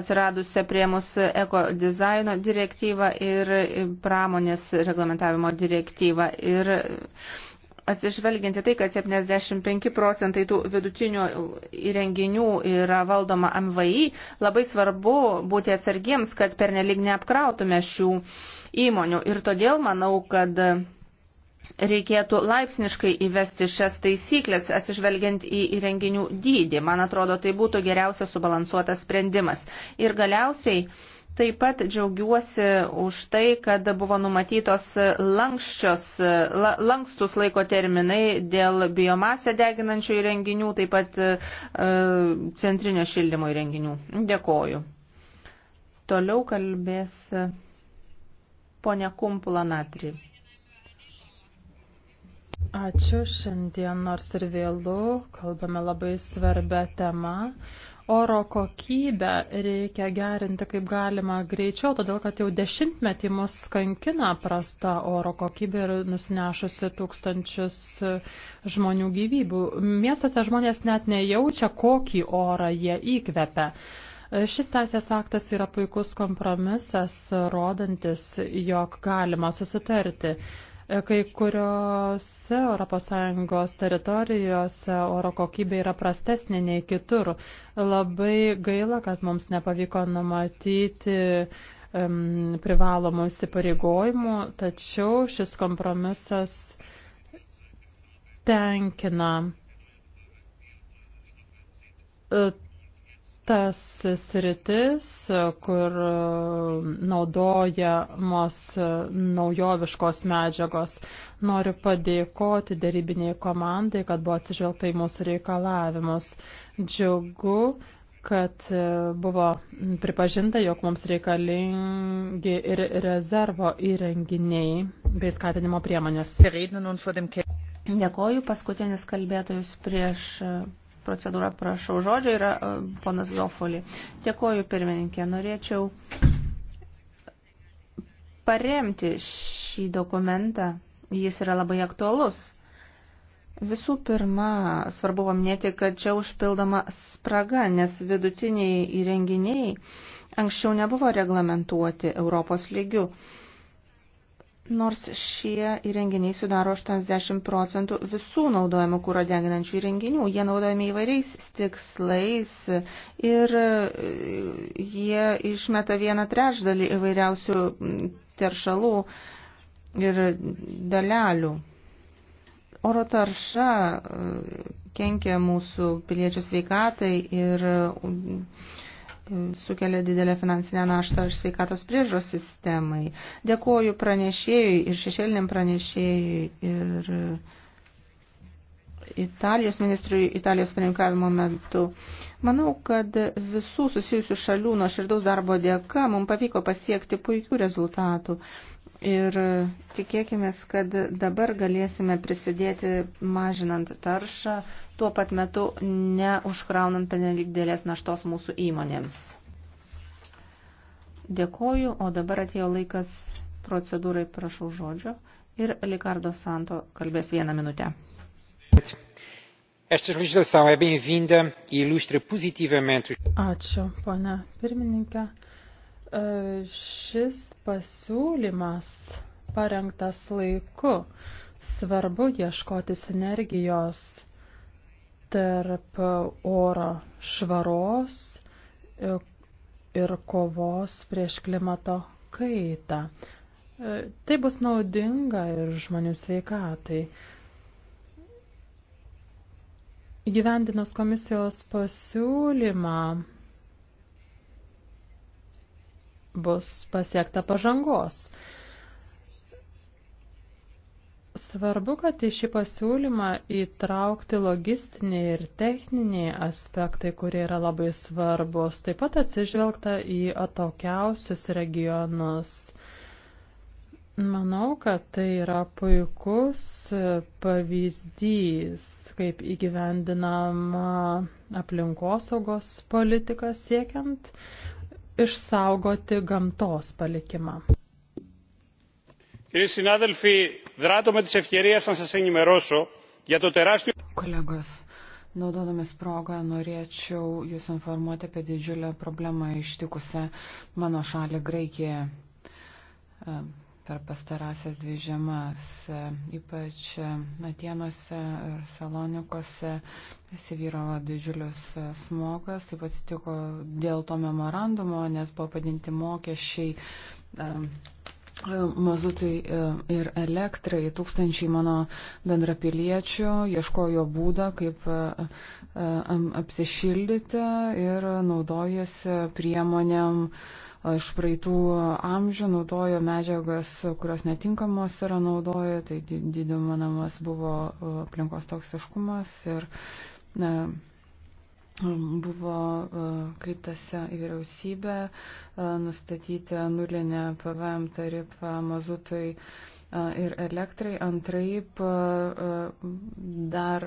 atsiradusią prie mūsų eko dizaino direktyvą ir pramonės reglamentavimo direktyvą. Ir Atsižvelginti tai, kad 75 procentai tų vidutinių įrenginių yra valdoma MVI, labai svarbu būti atsargiems, kad pernelyg neapkrautume šių įmonių. Ir todėl manau, kad reikėtų laipsniškai įvesti šias taisyklės, atsižvelgiant į įrenginių dydį. Man atrodo, tai būtų geriausias subalansuotas sprendimas. Ir galiausiai Taip pat džiaugiuosi už tai, kad buvo numatytos lankščios, la, lankstus laiko terminai dėl biomasę deginančių įrenginių, taip pat e, centrinio šildymo įrenginių. Dėkoju. Toliau kalbės ponia Kumpula Natri. Ačiū. Šiandien nors ir vėlų kalbame labai svarbę temą oro kokybę reikia gerinti kaip galima greičiau, todėl kad jau dešimtmetį mus skankina prasta oro kokybė ir nusinešusi tūkstančius žmonių gyvybių. Miestuose žmonės net nejaučia, kokį orą jie įkvepia. Šis teisės aktas yra puikus kompromisas, rodantis, jog galima susitarti. Kai kuriuose ES teritorijose oro kokybė yra prastesnė nei kitur. Labai gaila, kad mums nepavyko numatyti um, privalomų įsipareigojimų, tačiau šis kompromisas tenkina. Uh, tas sritis, kur naudojamos naujoviškos medžiagos. Noriu padėkoti darybiniai komandai, kad buvo atsižvelgta į mūsų reikalavimus. Džiugu, kad buvo pripažinta, jog mums reikalingi ir rezervo įrenginiai bei skatinimo priemonės. Dėkoju paskutinis kalbėtojus prieš procedūrą prašau žodžio yra e, ponas Zofoli. Dėkoju pirmininkė, norėčiau paremti šį dokumentą, jis yra labai aktualus. Visų pirma, svarbu paminėti, kad čia užpildoma spraga, nes vidutiniai įrenginiai anksčiau nebuvo reglamentuoti Europos lygių. Nors šie įrenginiai sudaro 80 procentų visų naudojamų kūro deginančių įrenginių, jie naudojami įvairiais tikslais ir e, jie išmeta vieną trečdalį įvairiausių teršalų ir dalelių. Oro tarša e, kenkia mūsų piliečių sveikatai ir sukelia didelę finansinę naštą ir sveikatos priežos sistemai. Dėkuoju pranešėjui ir šešėliniam pranešėjui ir Italijos ministrui Italijos pirmininkavimo metu. Manau, kad visų susijusių šalių nuo širdaus darbo dėka mums pavyko pasiekti puikių rezultatų. Ir tikėkime, kad dabar galėsime prisidėti mažinant taršą, tuo pat metu neužkraunant penelik dėlės naštos mūsų įmonėms. Dėkoju, o dabar atėjo laikas procedūrai prašau žodžio ir Likardo Santo kalbės vieną minutę. E Ačiū, ponia pirmininkė. E, šis pasiūlymas parengtas laiku. Svarbu ieškoti sinergijos tarp oro švaros ir kovos prieš klimato kaitą. E, tai bus naudinga ir žmonių sveikatai. Įgyvendinus komisijos pasiūlymą, bus pasiekta pažangos. Svarbu, kad į šį pasiūlymą įtraukti logistiniai ir techniniai aspektai, kurie yra labai svarbus, taip pat atsižvelgta į atokiausius regionus. Manau, kad tai yra puikus pavyzdys, kaip įgyvendinama aplinkosaugos politika siekiant išsaugoti gamtos palikimą. Kolegos, naudodamis progą norėčiau Jūs informuoti apie didžiulę problemą ištikusią mano šalį Graikiją per pastarąsias dvi žiemas, ypač Atenuose ir Salonikose įsivyravo didžiulis e, smogas, taip atsitiko dėl to memorandumo, nes buvo padinti mokesčiai e, mazutui e, ir elektrai. Tūkstančiai mano bendrapiliečių ieškojo būdą, kaip apsišildyti ir naudojasi priemonėm iš praeitų amžių, naudojo medžiagas, kurios netinkamos yra naudojo, tai didinamas buvo e, aplinkos toksiškumas ir ne, buvo e, kreiptasi į vyriausybę e, nustatyti nulinę PVM tarifą mazutui ir elektrai, antraip dar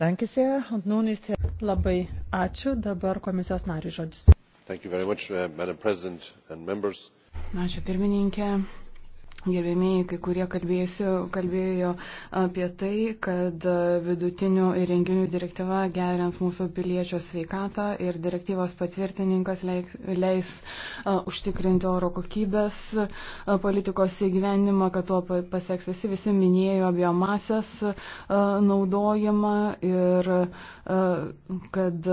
Labai ačiū. Dabar komisijos narių žodis. Much, uh, ačiū pirmininkė. Gerbėmiai, kai kurie kalbėjo apie tai, kad vidutinių įrenginių direktyva gerins mūsų piliečio sveikatą ir direktyvos patvirtininkas leis, leis uh, užtikrinti oro kokybės uh, politikos įgyvenimą, kad tuo pasieks visi, visi minėjo biomasės uh, naudojimą ir kad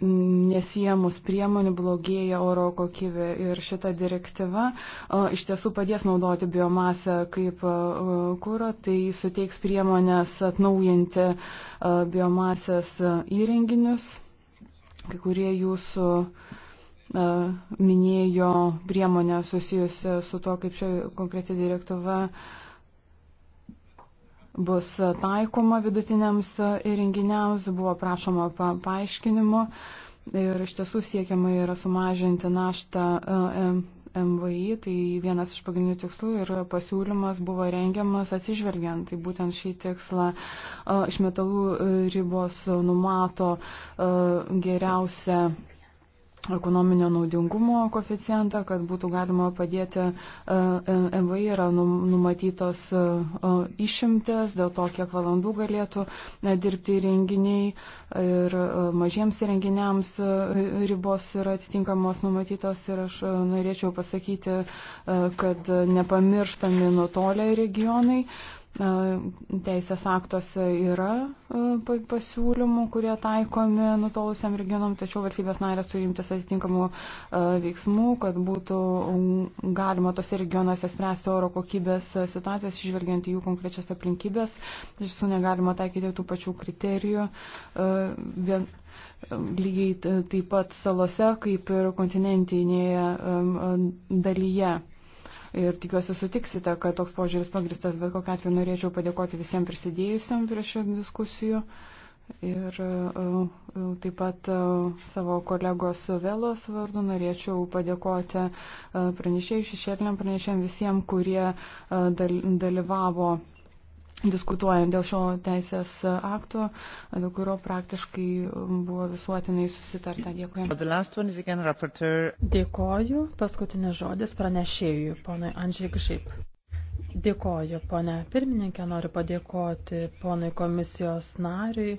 nesiemus priemonių blogėja oro kokybė ir šita direktyva iš tiesų padės naudoti biomasės biomasę kaip e, kūro, tai suteiks priemonės atnaujinti e, biomasės įrenginius. Kai kurie jūsų e, minėjo priemonę susijusią su to, kaip ši konkreti direktyva bus taikoma vidutiniams įrenginiams, buvo prašoma pa paaiškinimo ir iš tiesų siekiama yra sumažinti naštą MVI, tai vienas iš pagrindinių tikslų ir pasiūlymas buvo rengiamas atsižvelgiant. Tai būtent šį tikslą iš metalų ribos numato geriausią ekonominio naudingumo koficijantą, kad būtų galima padėti e, e, MVI, yra numatytos e, išimtės dėl to, kiek valandų galėtų dirbti renginiai ir mažiems renginiams ribos yra atitinkamos numatytos ir aš norėčiau pasakyti, kad nepamirštami nutolę regionai teisės aktuose yra e, pasiūlymų, kurie taikomi nutolusiam regionam, tačiau valstybės narės turi imtis atitinkamų e, veiksmų, kad būtų galima tose regionuose spręsti oro kokybės e, situacijas, išvelgiant į jų konkrečias aplinkybės. Visų negalima taikyti tų pačių kriterijų. Vien, lygiai taip pat salose, kaip ir kontinentinėje dalyje ir tikiuosi sutiksite, kad toks požiūris pagristas, bet kokią atveju norėčiau padėkoti visiems prisidėjusiam prie šių diskusijų. Ir e, e, taip pat e, savo kolegos Velos vardu norėčiau padėkoti pranešėjai, šešėliniam pranešėjim visiems, kurie dalyvavo diskutuojant dėl šio teisės akto, dėl kurio praktiškai um, buvo visuotinai susitarta. Dėkui. Dėkoju. Paskutinis žodis pranešėjui, ponai Andžiai Gšaip. Dėkoju, ponė pirmininkė, noriu padėkoti ponai komisijos nariui.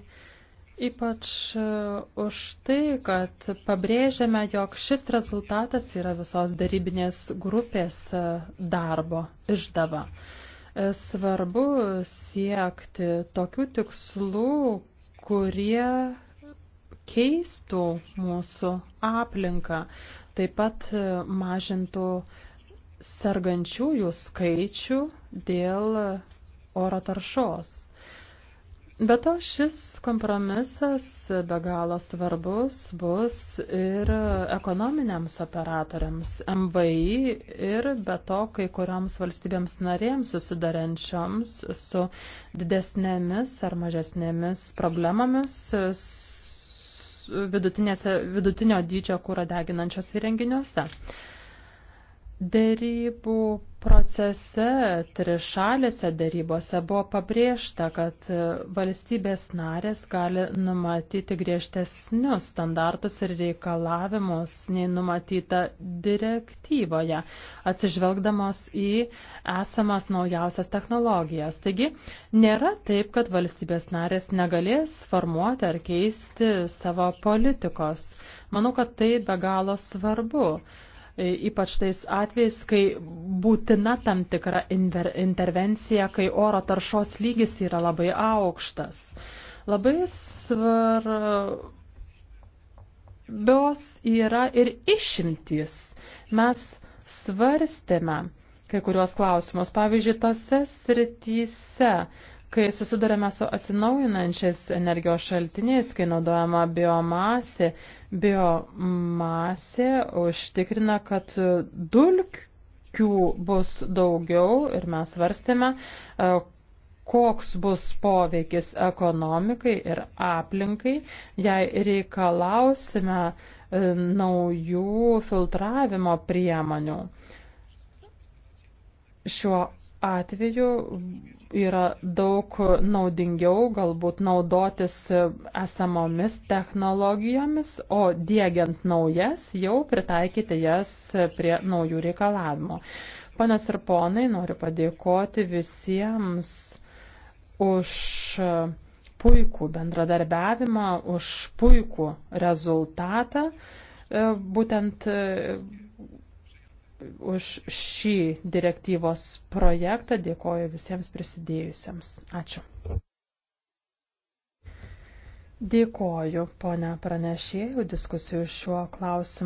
Ypač uh, už tai, kad pabrėžiame, jog šis rezultatas yra visos darybinės grupės uh, darbo išdava. Svarbu siekti tokių tikslų, kurie keistų mūsų aplinką, taip pat mažintų sergančiųjų skaičių dėl oro taršos. Be to, šis kompromisas be galo svarbus bus ir ekonominiams operatoriams, MVI ir be to, kai kurioms valstybėms narėms susidarančioms su didesnėmis ar mažesnėmis problemomis vidutinio dydžio kūro deginančios įrenginiuose. Dėrybų procese, trišalėse dėrybose buvo pabrėžta, kad valstybės narės gali numatyti griežtesnius standartus ir reikalavimus nei numatyta direktyvoje, atsižvelgdamos į esamas naujausias technologijas. Taigi, nėra taip, kad valstybės narės negalės formuoti ar keisti savo politikos. Manau, kad tai be galo svarbu. E, ypač tais atvejais, kai būtina tam tikra intervencija, kai oro taršos lygis yra labai aukštas. Labai svarbios yra ir išimtys. Mes svarstėme kai kuriuos klausimus, pavyzdžiui, tose srityse, Kai susidurėme su atsinaujinančiais energijos šaltiniais, kai naudojama biomasė, biomasė užtikrina, kad dulkių bus daugiau ir mes varstėme, e, koks bus poveikis ekonomikai ir aplinkai, jei reikalausime e, naujų filtravimo priemonių. Šiuo atveju yra daug naudingiau galbūt naudotis esamomis technologijomis, o dėgiant naujas jau pritaikyti jas prie naujų reikalavimų. Panas ir ponai, noriu padėkoti visiems už puikų bendradarbiavimą, už puikų rezultatą. Būtent už šį direktyvos projektą, dėkoju visiems prisidėjusiems. Ačiū. Dėkoju, ponia pranešėjų, diskusijų šiuo klausimu.